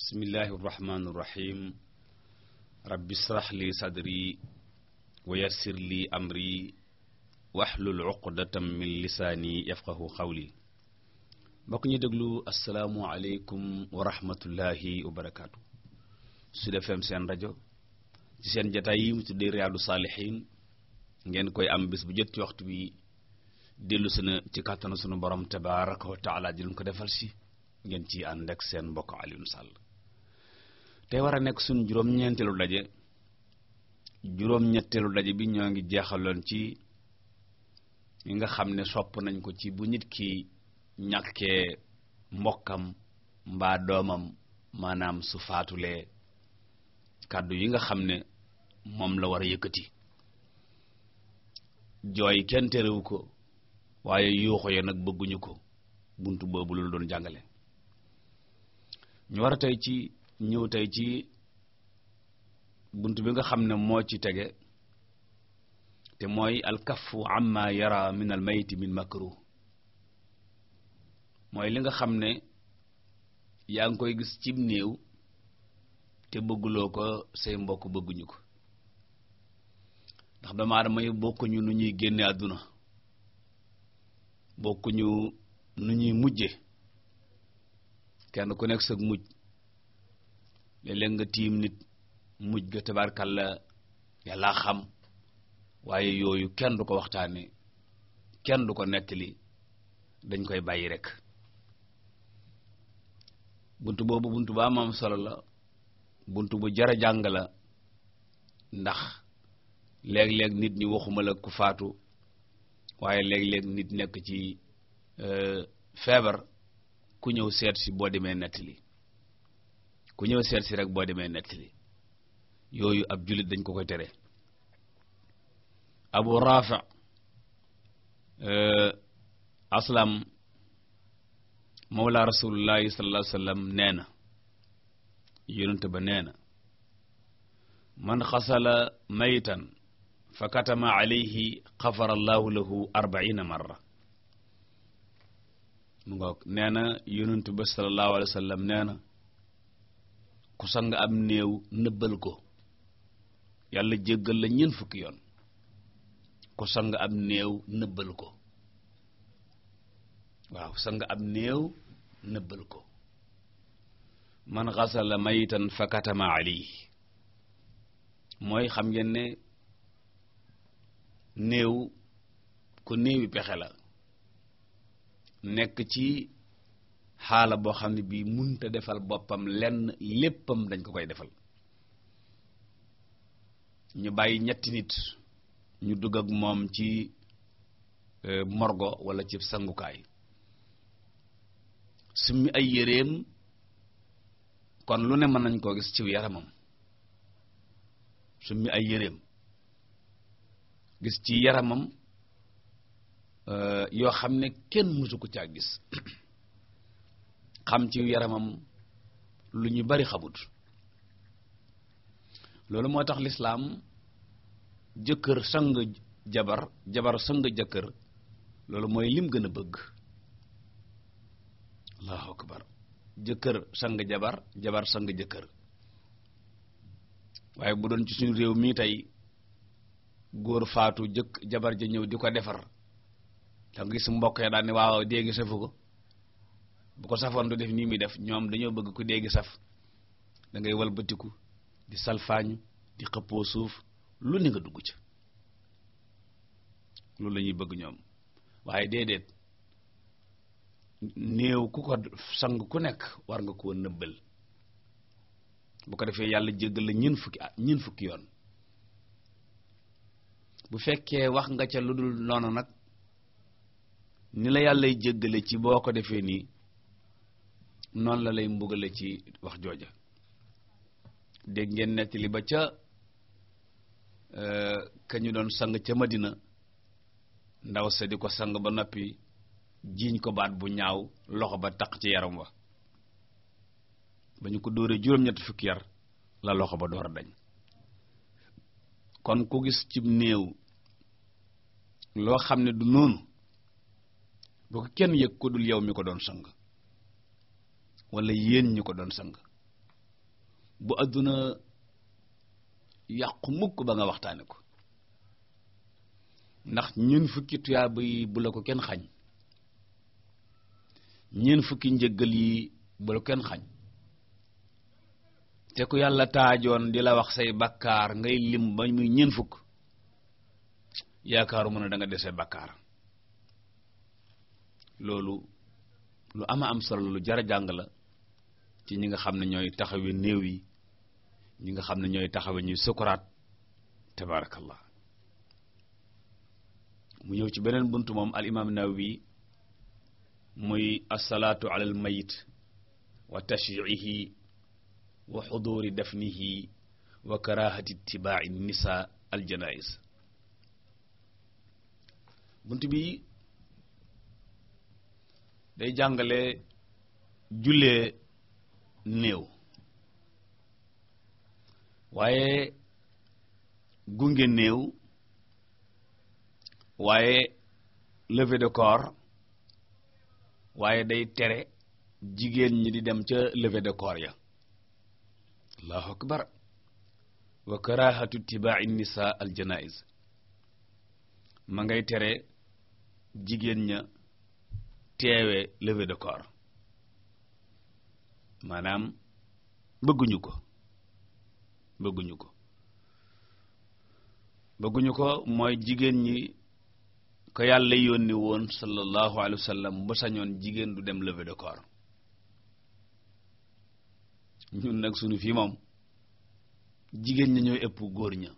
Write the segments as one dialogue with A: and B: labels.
A: bismillahi irrahmani irrahim rabbi israh li sadri wa yassir li amri waxlul uqdatam min lisaani yafqahu qawli mbokk ñu déglu asalaamu aleykum wa rahmatullahi wa barakaatu seen rajo ci seen jataay yi mu tuddee Riyadou Salihine ngeen koy am bis bu jot ci waxtu bi dellu si na ci kàttanu sunu borom tabaraka wa taala ko defal si ngeen ci ànd seen mbokk Alioune Sall te war a nekk suñ juróom-ñeenteelu daje juróom-ñetteelu daje bi ñoo ngi jeexaloon ci yi nga xam ne sopp nañ ko ci bu nit ki ñàkkee mbokkam mbaa doomam maanaam su faatulee kàddu yi nga xam ne moom la war a yëkkati jooy kenn terewu ko waaye yuuxu ya nag bëgguñu ko buntu boobu loolu doon jàngale ñu war a tey ci ñëw tey ci bunt bi nga xam ne moo ci tege te mooy alkafu amma yara min al mayti mooy li nga xam ne yaa ngi koy gis cib néew te bëgguloo ko say mbokk bëgguñu ko ndax dama aadama yi bokkuñu nu ñuy génne àdduna bokkuñu nu ñuy mujje kenn ku nekk sag mujj léeg nga tiim nit mujj ga tabarkalla yàllaa xam waaye yooyu kenn du ko waxtaane kenn du ko nettali dañ koy bàyyi rek buntu boobu buntu ba maam solo la buntu bu jar a jàng la ndax léeg-léeg nit ñi waxuma la ku faatu waaye léeg-léeg nit nekk ci euh, feebar ku ñëw seet si boo demee li ku ñëw seet si rek boo demee li yooyu ab jullit dañ ko koy tere abu rafi euh, aslam mawla rasulullahi sallallahu alayhi wasallam nee na yonent ba nee na man xasala maytan fa katama alayhi xafara allahu lahu arbaina marra mu ngoog nee na yonent ba sallallahu alayhi wasallam nee na ku sang am néew nëbbal ko yàlla jëggal la ñeent fukki yoon ku sang am néew nëbbal ko waaw sang am néew nëbbal ko man xasala mayitan fakatama alayhi mooy xam ngeen ne néew ku néewi pexe la nekk ci xaala boo xam ne bii munta defal boppam lenn léppam dañ ko koy defal ñu bàyyi ñetti nit ñu dugg ak moom ci euh, morgo wala ci sangukaay summi ay yéreem kon lu ne mën nañ koo gis ci yaramam summi ay yéreem gis ci yaramam euh, yoo xam ne kenn mësu ko caa gis xam ci yaramam lu ñu bari xamut loolu moo tax lislaam jëkkër sang jabar jabar sang jëkkër loolu mooy lim gën a bëgg allahu akbar jëkkër sang jabar jabar sang jëkkër waaye bu doon ci suñu réew mii tey góor faatu jëkk jabar ja ñëw di ko defar da nga gis mbokk ya daal ne waaw dee gi safu ko bu ko safoon du def nii muy def ñoom dañoo bëgg ku déggi saf dangay ngay walbatiku di salfaañu di xëppoo suuf lu ni nga dugg ca loolu lañuy bëgg ñoom waaye déedéet néew ku ko sang ku nekk war nga koo nëbbal bu ko defee yàlla jéggal la fukki ah ñun fukki yoon bu fekkee wax nga ca lu dul noonu nag ni la yàllay jéggale ci boo ko defee nii noonu la lay mbugale ci wax jooja dégg ngeen nettali ba ca euh, ka ñu doon sang ca Madina ndaw sa di ko sang ba noppi jiiñ ko baat bu ñaaw loxo ba taq ci yaram wa ba ñu ko dóoree juróom-ñetti fukki yar la loxo ba door a dañ kon ku gis cib néew loo xam ne du noonu bu ko kenn yëg ko dul yow mi ko doon sang wala yéen ñu ko doon sang bu àdduna yàqu mukk ba nga waxtaane ko ndax ñeen fukki tuyaaba yi bu la ko kenn xañ ñeen fukki njëggal yi bu la ko kenn xañ te ku yàlla taajoon di la wax say bakkaar ngay lim ba muy ñeen fukk yaakaaru mën a da dese bakkaar loolu lu ama am solo lu jara jàng la ci ñi nga xam ne ñooy taxawe néew yi ñi nga xam ne ñooy taxawe ñuy sukuraat tabarakallah mu ñëw ci beneen bunt moom al imaam Nawawi muy asalaatu ala al mayit wa tashyiihi wa xuduuri dafnihi wa karahati itibaa'i nisa al bunt bi day jàngale jullee néew waaye gunge néew waaye levée de corps waaye day tere jigéen ñi di dem ca leve de corps ya allahu akbar wa karahatu ittiba'i nisa al janaiz ma ngay tere jigéen ña teewe levée de corps maanaam bëgguñu ko bëgguñu ko bëgguñu ko mooy jigéen ñi ko yàlla yónni woon sallallahu alayhi wa sallam ba sañoon jigéen du dem levée de corps ñun nag sunu fii moom jigéen ña ñooy ëpp góor ña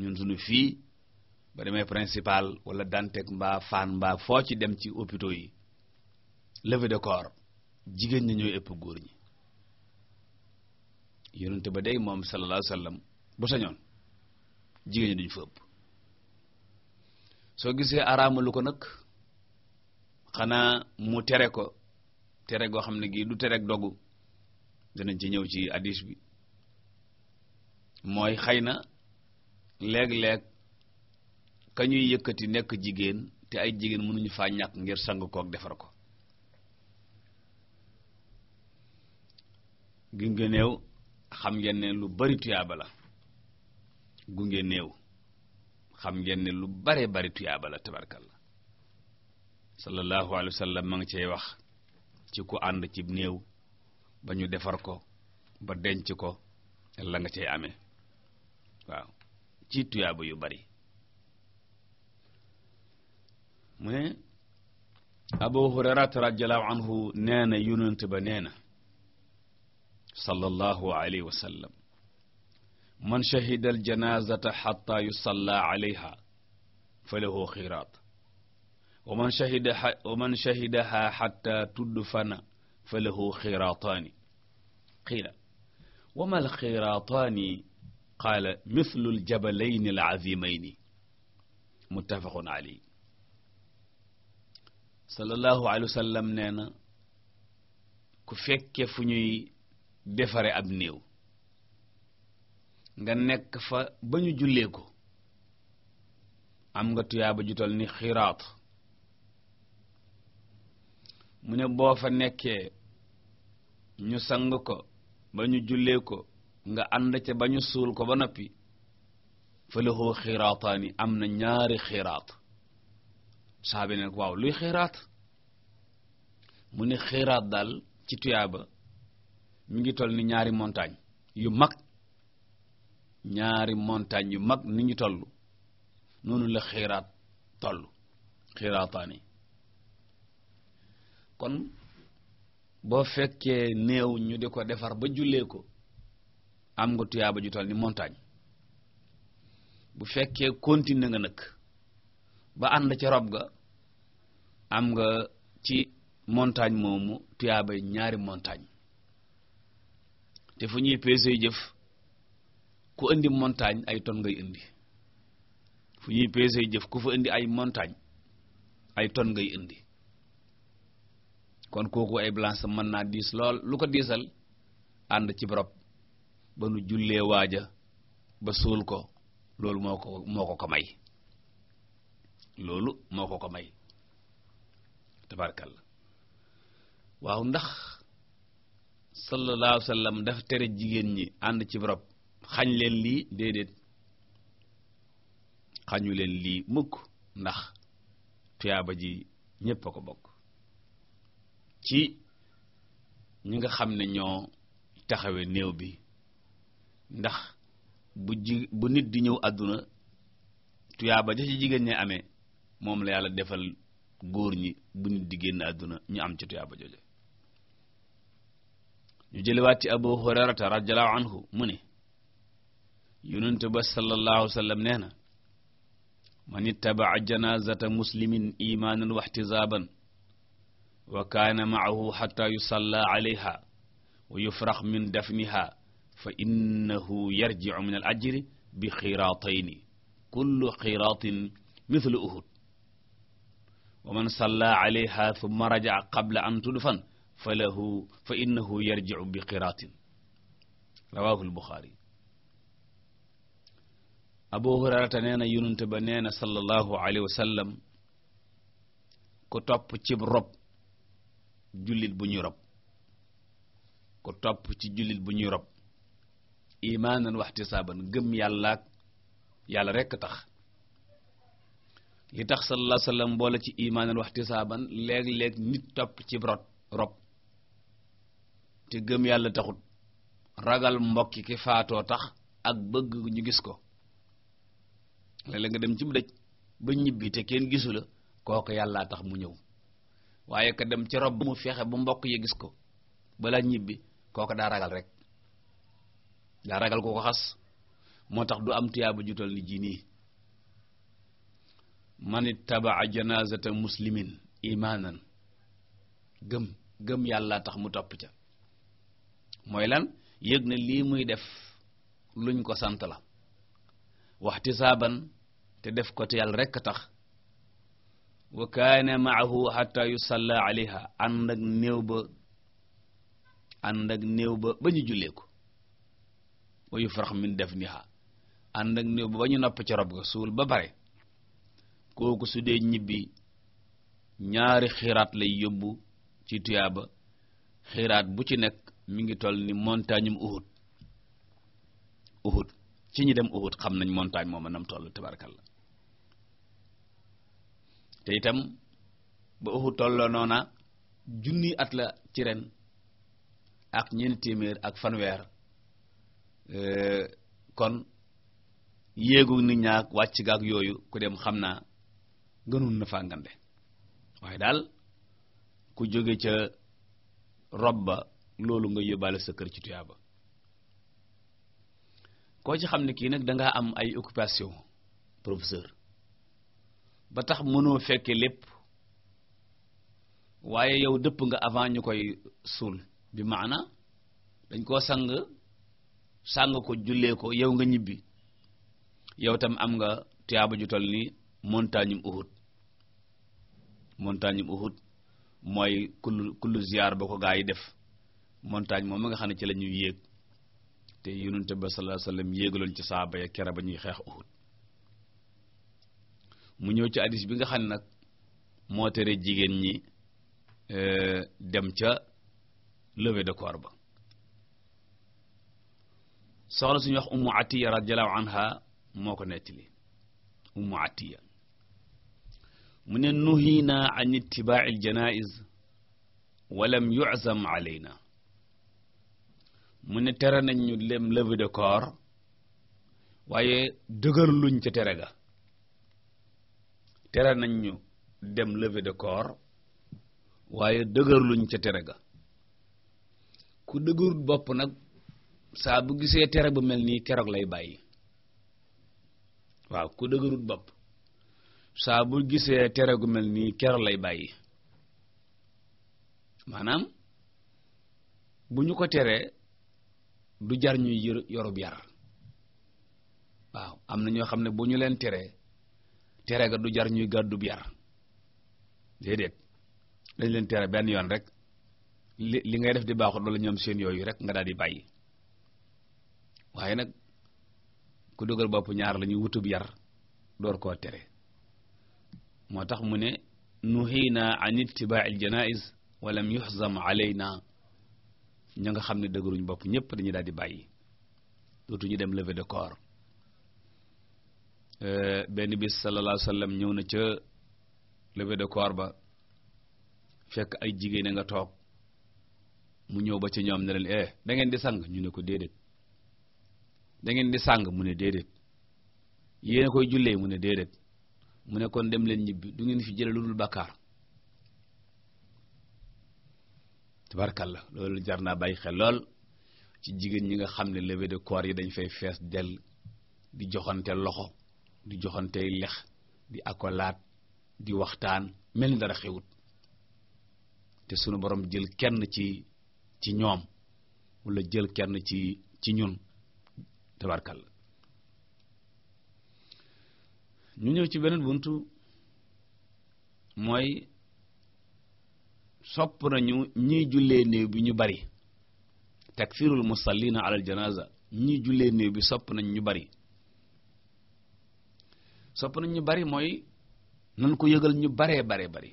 A: ñun sunu fii ba demee principal wala Dantec mbaa Fann mbaa foo ci dem ci hôpitaux yi levée de corps jigéen ñi ñooy ëpp góor ñi yonente ba day moom sallallahu alayhi wasallam bu sañoon jigéen ñi fa ëpp soo gisee araamalu ko nag xanaa mu tere ko tere goo xam ne gii du terek dogu dinañ ci ñëw ci hadis bi mooy xay na léeg-léeg ka ñuy yëkkati nekk jigéen te ay jigéen mënuñu faa ñàkk ngir sang kook defar ko gunge néew xam ngeen lu bari tuyaaba la gunge néew xam ngeen ne lu bare bari tuyaaba la tabarkalla sallallahu alayhi wa sallam ma ngi cey wax ci ku ànd ci néew ba ñu defar ko ba denc ko la nga cey ame waaw ci tuyaaba yu bari mu ne Abu Hurairata radiyallahu anhu nee na ba neena sallallahu alayhi wa sallam man shahida al janazata xata yusalla alayha falahu xiraat wa man shahida wa man shahidaha xata tudfana falahu xiraataani qiila wa mal xiraataani qaala mithlu al jabalayni al azimayni muttafaqun alayhi sallallahu alayhi wa sallam nee na ku fekke fu ñuy defare ab néew nga nekk fa ba ñu jullee ko am nga tuyaaba ju ni xiraat mu ne boo fa nekkee ñu sang ko ba ñu jullee ko nga ànd ca ba ñu suul ko ba noppi fa lahu am na ñaari xiraat saabi ne waaw luy xiraat mu ne xiraat daal ci tuyaaba mi ngi toll ni ñaari montagne yu mag ñaari montagne yu mag ni ñu toll noonu la xiraat toll xiraataani kon boo fekkee néew ñu di ko defar ba jullee ko am nga tuyaaba ju toll ni montagne bu fekkee continué nga nag ba ànd ca rob ga am nga ci montagne moomu tuyaabay ñaari montagne te fu ñuy peesee jëf ku indi montagne ay ton ngay indi fu ñuy peesee jëf ku fa indi ay montagne ay ton ngay indi kon kooku ay balance mën naa diis lool lu ko diisal ànd ci rob ba nu jullee waaja ba suul ko loolu moo ko moo ko ko may loolu moo ko ko may la waaw ndax sallallahu alayhi wa sallam dafa tere jigéen ñi ànd ci rob xañ leen lii déedéet xañu leen lii mukk ndax tuyaaba ji ñépp a ko bokk ci ñi nga xam ne ñoo taxawe néew bi ndax bu ji bu nit di ñëw àdduna tuyaaba ja ci jigéen ñi amee moom la yàlla defal góor ñi bu nit di génn àdduna ñu am ci tuyaaba jooje ñu jëliwaat ci abu hurairata radiallahu anhu mu ne yonent ba sallallahu alayhi wa sallam nee na man ittabaa janazata muslimin imaanan wa ihtisaaban wa kaana maahu xata yusalla alayha wa yufrax min dafniha fa innahu yarjicu min al ajri bi xiraatayni kullu xiraatin mithlu uhud wa man salla alayha thumma rajaca qabla an tudfan fa lahu fa innahu yarji'u bi qiraatin rawahu al Abu Hurayrata nee na ba nee na sallallahu alayhi ku topp cib rob jullit bu topp ci jullit bu ñuy rob imaanan waxtisaaban gëm yàlla ak yàlla rekk tax li tax sallallahu alayhi wa sallam boole ci imaanan waxtisaaban léeg-léeg nit topp cib rob te gëm yàlla taxut ragal mbokki ki faatoo tax ak bëgg ñu gis ko léeg nga dem ci mu dëj ba ñibbi te kenn gisu la kooku yàllaa tax mu ñëw waaye ka dem ci rob mu fexe bu mbokk yi gis ko balaa ñibbi kooku daa ragal rek daa ragal ko ko xas moo tax du am tiyaaba jutal ni ji nii man ittabaa janazata muslimin imanan gëm gëm yàllaa tax mu topp ca mooy lan yëg na lii muy def luñ ko sant la waxti saaban te def ko te yàlla rekk a tax wa kaana maahu xata yusalla alayha ànd ak néew ba ànd ak néew ba ba ñu jullee ko wa yufrax min dafniha ànd ak néew ba ba ñu nopp ca rob ga suul ba pare kooku su dee ñibbi ñaari xiraat lay yóbbu ci tuyaaba xiraat bu ci nekk mi ngi toll ni montagne um Uhud ci ñi dem Uhud xam nañ moom mooma nam toll tabarakallah te itam ba Uhud tolloo noona junni at la ci ren ak ñeenti téeméer ak fanweer kon yéegu nit ñaak wàcc gaak yooyu ku dem xam naa gënoon na faa ngande waaye daal ku jóge ca rob ba loolu nga yóbbaale sa kër ci tuyaaba koo ci xam ne kii nag dangaa am ay occupation professeur ba tax mënoo fekke lépp waaye yow dëpp nga avant ñu koy suul bi maana dañ koo sang sàng ko jullee ko yow nga ñibbi yow tam am nga tuyaaba ju toll nii montagne Uhud montagne Uhud mooy kullu kullu ziyaar ba ko gaa yi def montagne moom mi nga xam ne ci la ñuy yéeg te yonente ba sallallahu alayhi wasallam yéegaloon ci saaba ya kera ba ñuy xeex Uhud mu ñëw ci hadis bi nga xam ne nag moo tere jigéen ñi e, dem ca levée de corps ba soxna suñu wax ummu atiya radiyallahu anha moo ko nettali ummu atiya mu ne nuhiina an ittiba'il janaiz wa lam yu'zam alayna mu ne tere nañ ñu lem levée de corps waaye dëgër luñ ca tere ga tere nañ ñu dem levée de corps waaye dëgër luñ ca tere ga ku dëgërut bopp nag saa bu gisee tere bu mel nii keroog lay bàyyi waaw ku dëgërut bopp saa bu gisee tere gu mel nii keroog lay bàyyi maanaam bu ñu ko teree du jar ñuy yorub yar waaw am na ñoo xam ne bu ñu leen teree tere ga du jar ñuy gàddub yar déedéet dañ leen tere benn yoon rek li li ngay def di baaxut la ñoom seen yooyu rek nga daal di bàyyi waaye nag ku dugal bopp ñaar la ñuy wutub yar door koo tere moo tax mu ne nuhiina an ittibaa'il janaa'iz walla lam yuhzam naa ña nga xam ne dëgëruñ bopp ñëpp dañu daal di bàyyi ñu dem leve de corps euh, benn bis sallallahu alayhi wasallam ñëw na ca levée de corps ba fekk ay jigéen nga toog mu ñëw ba ci ñoom ne leen eh, da ngeen di sang ñu ne ko déedéet da ngeen di sang mu ne déedéet yéen a koy jullee mu ne déedéet mu ne kon dem leen ñibbi du ngeen fi jëlee lu dul bàkkaar tubarkalla loolu jar naa bàyyi xel lool ci jigéen ñi nga xam ne levée de corps yi dañ fay fees dell di joxante loxo di joxante lex di akolaat di waxtaan mel ni dara xewut te sunu boroom jël kenn ci ci ñoom wala jël kenn ci ci ñun tabarkal ñu ñëw ci beneen buntu mooy sopp nañu ñiy jullee néew bi ñu bari takfirul musallina alal janaza ñiy jullee néew bi sopp nañ ñu bari sopp nañ ñu bari mooy nan ko yëgal ñu baree bare bari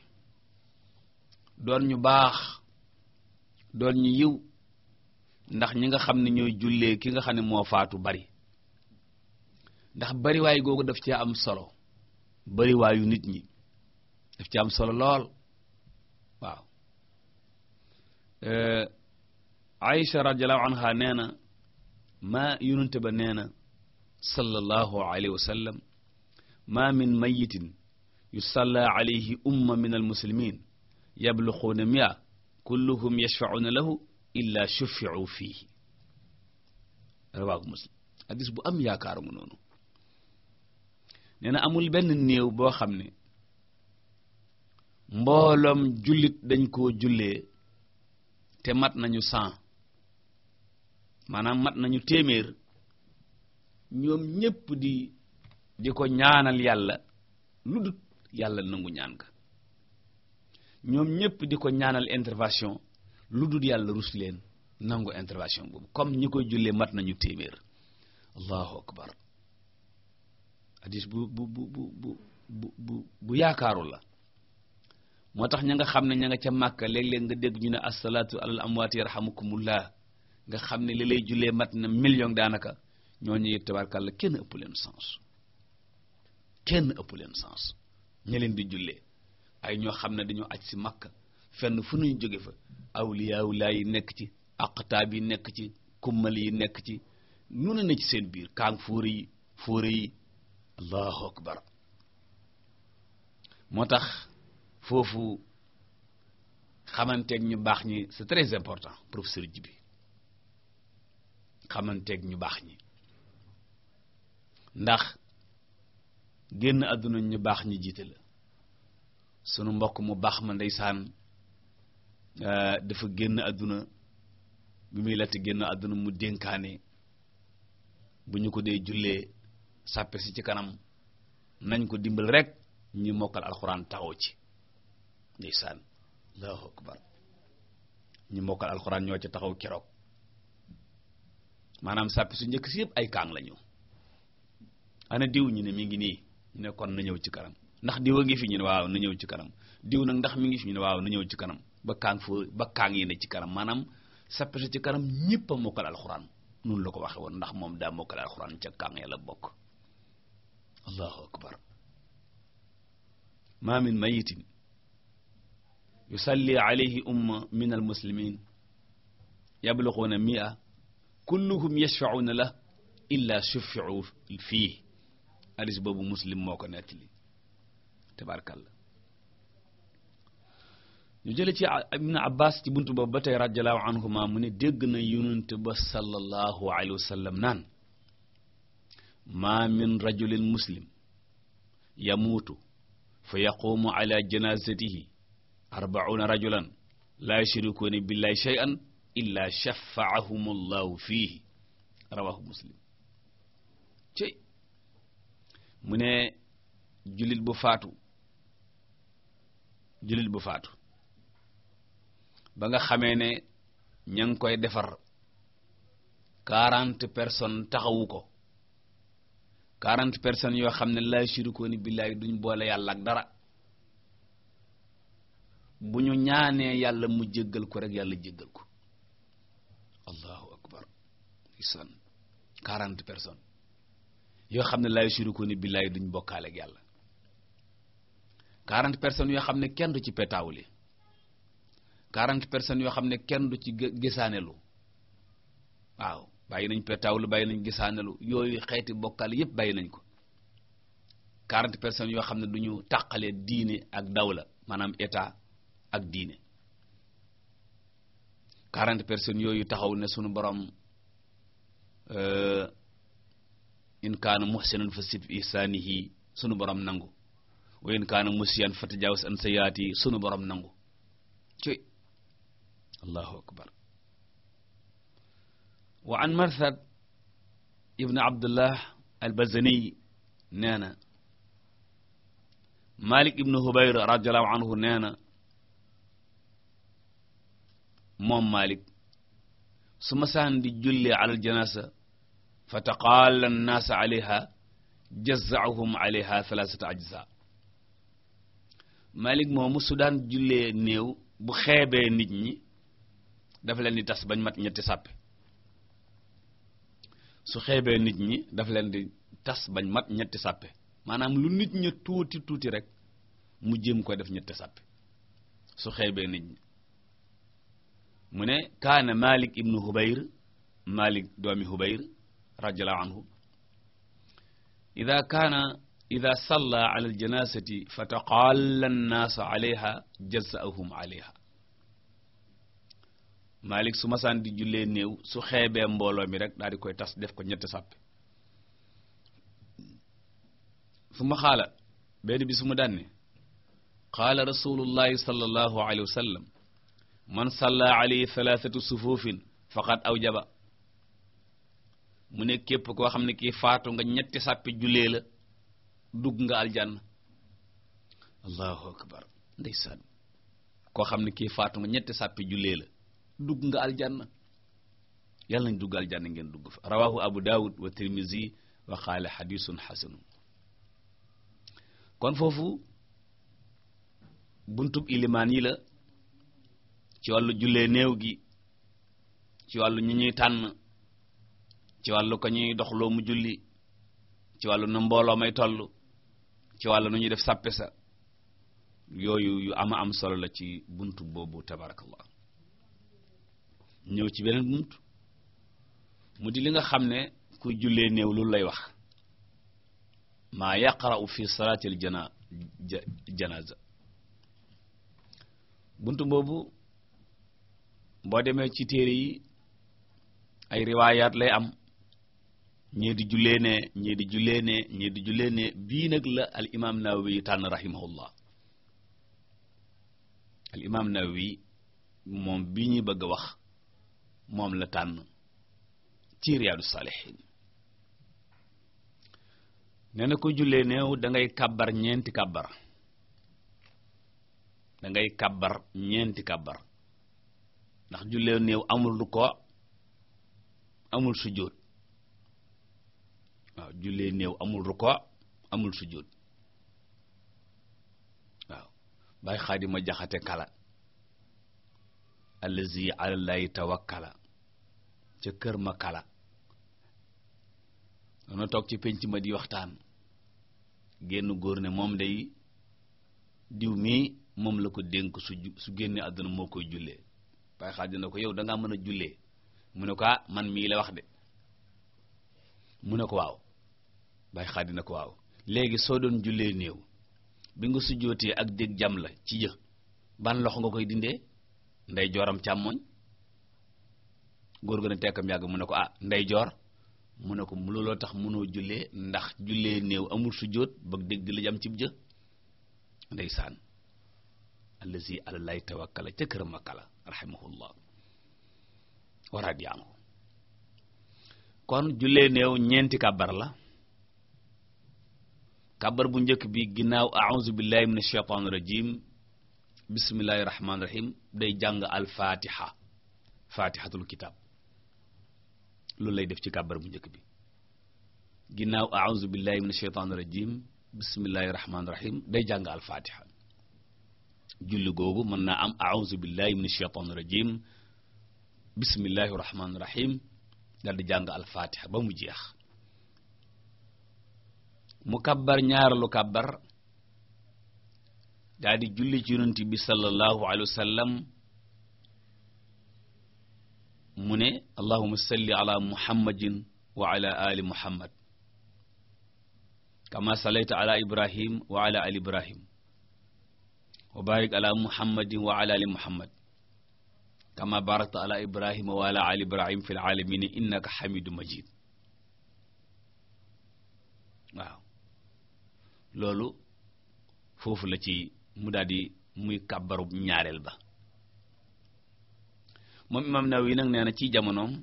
A: doon ñu baax doon ñu yiw ndax ñi nga xam ne ñooy jullee ki nga xam ne moo faatu bari ndax bariwaay googu def ci am solo bariwaayu nit ñi daf ci am solo lool Aïcha radiyallahu anha nee na maa yonente ba nee na sallallahu alayhi wa sallam maa min mayitin yusalla alayhi umma min almuslimin yabluxuuna mia kulluhum yashfacuuna lahu illa shuficu fiihi rawaahu muslim hadis bu am yaakaar mu noonu nee na amul benn néew boo xam ne mbooloom jullit dañ koo jullee te mat nañu cent maanaam mat nañu téeméer ñoom ñépp di di ko ñaanal yàlla lu dut yàlla nangu ñaan ga ñoom ñépp di ko ñaanal intervention lu dut yàlla rus leen nangu intervention boobu comme ñi koy jullee mat nañu téeméer allahu akbar hadis bu bu bu bu bu bu bu yaakaaru la moo tax ña nga xam ne ña nga ca Màkka léeg-léeg nga dégg ñu ne asalaatu alal amwaati yarhamukumullah nga xam ne li lay jullee mat na million daanaka ñooñu it tabarkàlla kenn ëpp leen sens kenn ëpp leen sens ña leen di jullee ay ñoo xam ne dañoo aj si Màkka fenn fu ñuy jóge fa awliyaawlaa yi nekk ci aqtaab yi nekk ci kummal yi nekk ci lu ne na ci seen biir kaang fóore yi fóore yi allahu akbar moo tax foofu xamanteeg ñu baax ñi c'est très important professeur Djibi xamanteeg ñu baax ñi ndax génn àdduna ñu baax ñi jiite la sunu mbokk mu baax ma ndeysaan euh, dafa génn àdduna bi muy lett génn àdduna mu dénkaane bu ñu ko dee jullee sàppe si ci kanam nañ ko dimbal rek ñi mokkal alxuraan taxaw ci ndeysaan allahu akbar ñu mokkal alxuraan ñoo ci taxaw keroog maanaam sàppi su njëkk si yëpp ay kaang lañu ana diw ñu ne mi ngi nii ñu ne kon na ñëw ci kanam ndax diw a ngi fi ñu ne waaw na ñëw ci kanam diw nag ndax mi ngi fi ñu ne waaw na ñëw ci kanam ba kaang foo ba kaang yi ne ci kanam maanaam sàppi su ci kanam ñëpp a mokkal alxuraan noonu la ko waxe woon ndax moom daa mokkal alxuraan ca kaang ya la bokk allahu akbar ma min mayitin yusalli alayhi umma min almuslimin yablughuna mi'a kulluhum yashfa'una la illa shufi'u fii hadis boobu muslim moo ko nettali tabarakallah ñu jële ci ibn abbas ci buntu boobu ba tey radiyallahu anhuma mu ne dégg na yonent ba sallallahu alayhi wa sallam naan ma min rajulin muslim yamuutu fa yaqumu ala janazatihi arbauna rajulan la yushrikuuna billahi shay'an illa shafaahum allahu fiihi rawahu muslim cey mu ne jullit bu faatu jullit bu faatu ba nga xamee ne ña ngi koy defar quarante personnes taxawu ko quarante personnes yoo xam ne la yushrikuuna billahi duñ boole yàlla ak dara bu ñu ñaanee yàlla mu jëggal ko rek yàlla jéggal ko allahu akbar quarante personnes yoo xam ne lay suriku ni billaay duñ bokkaale yàlla quarante personnes yoo xam ne kenn du ci pétaawuli quarante personnes yoo xam ne kenn du ci gisaanelu waaw bàyyi nañ pétaawuli bàyyi nañ gisaanelu yooyu xeeti bokkaale yépp bàyyi nañ ko quarante personnes yoo xam ne du ñu tàqalee diine ak dawla maanaam état ak diine quarante yooyu taxaw ne sunu borom euh, in kaana muhsinan fa sib ihsaanihi sunu borom nangu wa in kaana musiyan fa tajaawaz an sayyaati borom nangu ci allahu akbar wa marsad ibn abdullah albazaniy nee malik ibn hubayr radiyallahu anhu nee moom Malik su masaan di julli alal janaasa fa taqaala annaasa alayha jazaahum alayha thalathata ajza Malik moomu su daan jullee néew bu xeebee nit ñi dafa leen di tas bañ mat ñetti sàppe su xeebee nit ñi dafa leen di tas bañ mat ñetti sàppe maanaam lu nit ña tuuti tuuti rek mu jéem ko def ñetti sàppe su xeebee nit ñi mu ne kaana malik ibnu hubayr malik doomi hubayr radiallahu anhu ida kaana ida salla ala aljanasati fa taqaalla annaasu alayha jazaahum alayha malik su masaan di jullee néew su xeebee mbooloo mi rek daal koy tas def ko ñetti sàppe su ma benn bi su mu daan ne qaala rasulullahi sallallahu alayhi wa man salla alayhi thalathatu sufufin faqad awjaba mu ne képp koo xam ne kii faatu nga ñetti sàppi jullee la dugg nga aljanna allahu xam ne kii faatu nga ñetti sàppi jullee la dugg nga aljanna yàlla nañ dugg aljanna ngeen dugg fa rawahu abu dawud wa tirmizi wa qaala xadisun xasanun kon foofu buntub ilimaan yi la ci wàllu jullee néew gi ci wàllu ñu ñuy tànn ci wàllu ko ñuy doxloo mu julli ci wàllu nu mbooloo may toll ci wàllu nu ñuy def sàppe sa yooyu yu ama am solo la ci buntu boobu tabarakallah ñëw ci beneen bunt mu di li nga xam ne kuy jullee néew loolu lay wax maa yaqra'u fi salaatil jana janaza buntu boobu boo demee ci téere yi ay riwaayaat lay am ñii di jullee ne ñii di jullee ne ñii di jullee ne bii nag la al imaam Nawawi yu tànn rahimahullah al imaam Nawawi moom bi ñuy bëgg a wax moom la tànn ci Riyadu Saalihiin nee na ko jullee néew da ngay kabbar ñeenti kabar da ngay ñeenti kabbar ndax jullee néew amul rukkoo amul sujjóot waaw jullee néew amul rukkoo amul sujjóot waaw bàyyi xaadima jaxate kala allazi alallahi tawakkala ca kër ma kala dana toog ci penc ma di waxtaan génn góor ne moom day diw mii moom la ko dénk su su génne àdduna moo koy jullee bàyyi xaaj na ko yow dangaa mën a jullee mu ne ko ah man mii la wax de mu ne ko waaw bàyyi xaaj na ko waaw léegi soo doon jullee néew bi nga sujjootee ak dég jam la ci jë ban loxo nga koy dindee nday jooram càmmoñ góor gën a tekkam yàgg mu ne ko ah nday joor mu ne ko looloo tax mënoo jullee ndax jullee néew amul sujjoot bag dégg la jam cib jë saan allazi alalay tawakkala ca këram makkala rahimahullah waraat yaa kon jullee néew ñeenti kàbbar la kàbbar bu njëkk bi ginnaaw a'udhu billahi minash shaitanir rajim bismillahir rahmanir rahim day jàng al-fatiha fatihatul kitab lay def ci kàbbar bu njëkk bi ginnaaw a'udhu billahi minash shaitanir rajim bismillahir rahmanir rahim day jàng al julli googu mën naa am a'udhu billahi minash shaitanir rajim al-fatiha ba mu jeex mu kabbar ñaareelu kabbar daal julli ci yonent bi sallallahu alayhi wa mu ne allahumma salli ala muhammadin wa ala ali muhammad kama sallayta ala ibrahim wa ala ali ibrahim wa barik ala muhammadin wa ala ali muhammad kama barakta ala ibrahima loolu foofu la ci mu daldi muy kàbbaru ñaareel ba moom imaam Nawawi nag nee na ci jamonoom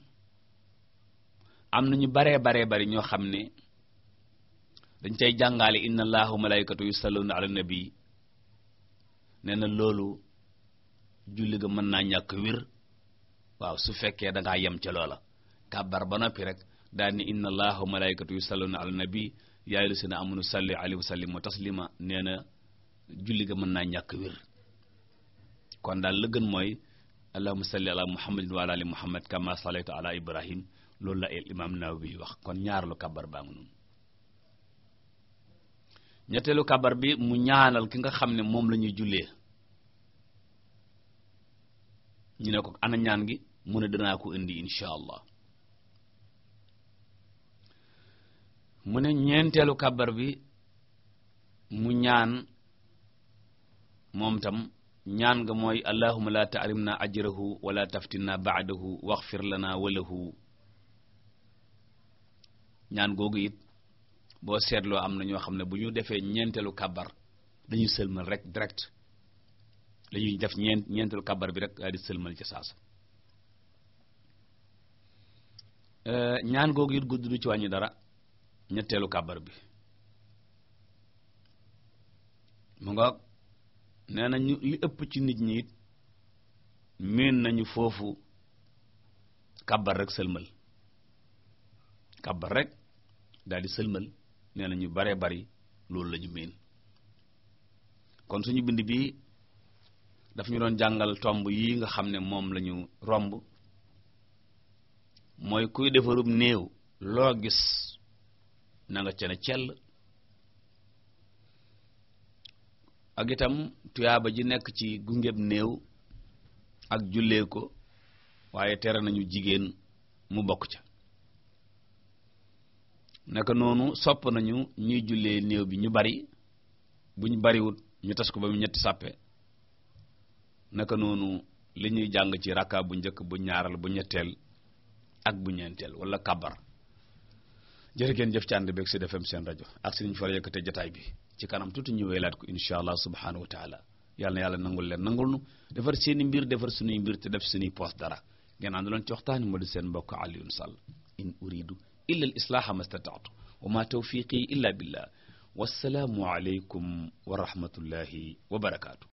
A: am na ñu baree baree bari ñoo xam ne dañ cay jàngale inna allaha wa malaikatahu yusalluna ala nabi nee na loolu julli ga mën naa ñàkk wir waaw su fekkee da yem ca loola kàbbar ba noppi rek daal ni inna allaha wa malaikatu yusalluna ala nabi ya ayyuhallazina amanu sallu alayhi wa sallimu taslima nee na julli ga mën naa ñàkk wir kon daal la gën mooy allahumma salli ala muhammadin wa ala ali muhammad kama sallayta ala ibrahim loolu la el imam Nawawi wax kon ñaar lu kàbbar baa ngi noonu ñetteelu kabar bi mu ñaanal ki nga xam ne moom la ñuy ñu ne ko ana ñaan gi mu ne danaa ko indi insha allah mu ne ñeenteelu kabar bi mu ñaan moom tam ñaan nga mooy allahuma la tahrimna ajrahu wala taftinna baadahu waxfir lana walahu ñaan googu it boo seetloo am na ñoo xam ne bu ñu defee ñeenteelu kabar dañuy sëlmal rek direct dañuy def ñeent ñeenteelu kabar bi rek daal di sëlmal ca saasa euh, ñaan googu it gudd du ci wàññi dara ñetteelu kabar bi mu nga nee na ñu li ëpp ci nit ñi it nañu foofu kabar rek sëlmal kabar rek daal di sëlmal nee na ñu baree bari loolu lañu ñu kon suñu bind bi daf ñu doon jàngal tomb yi nga xam ne moom lañu romb mooy kuy defarub néew loo gis na nga cene cell ak itam tuyaaba ji nekk ci gungeb néew ak jullee ko waaye tere nañu jigéen mu bokk ca naka noonu sopp nañu ñuy jullee néew bi ñu bari bu ñu bariwut ñu tas ko ba mu ñetti sàppe naka noonu li ñuy jàng ci rakka bu njëkk bu ñaaral bu ñetteel ak bu ñeenteel wala kabar jërë ngeen jëf ci ànd beeg Sud FM seen rajo ak suñu fa yëkkate jataay bi ci kanam tuuti ñu wéylaat ko incha allah subhanahu wa taala yàlla yàlla nangul leen nangul nu defar seen i mbir defar suñuy mbir te def suñuy poos dara ngeen ànd loon ci waxtaan moo di seen mbokk Alioune Sall in uridu illa al islaaha mastata'tu wa ma tawfiqi illa billah wassalaamu aleykum wa rahmatullahi wa barakaatu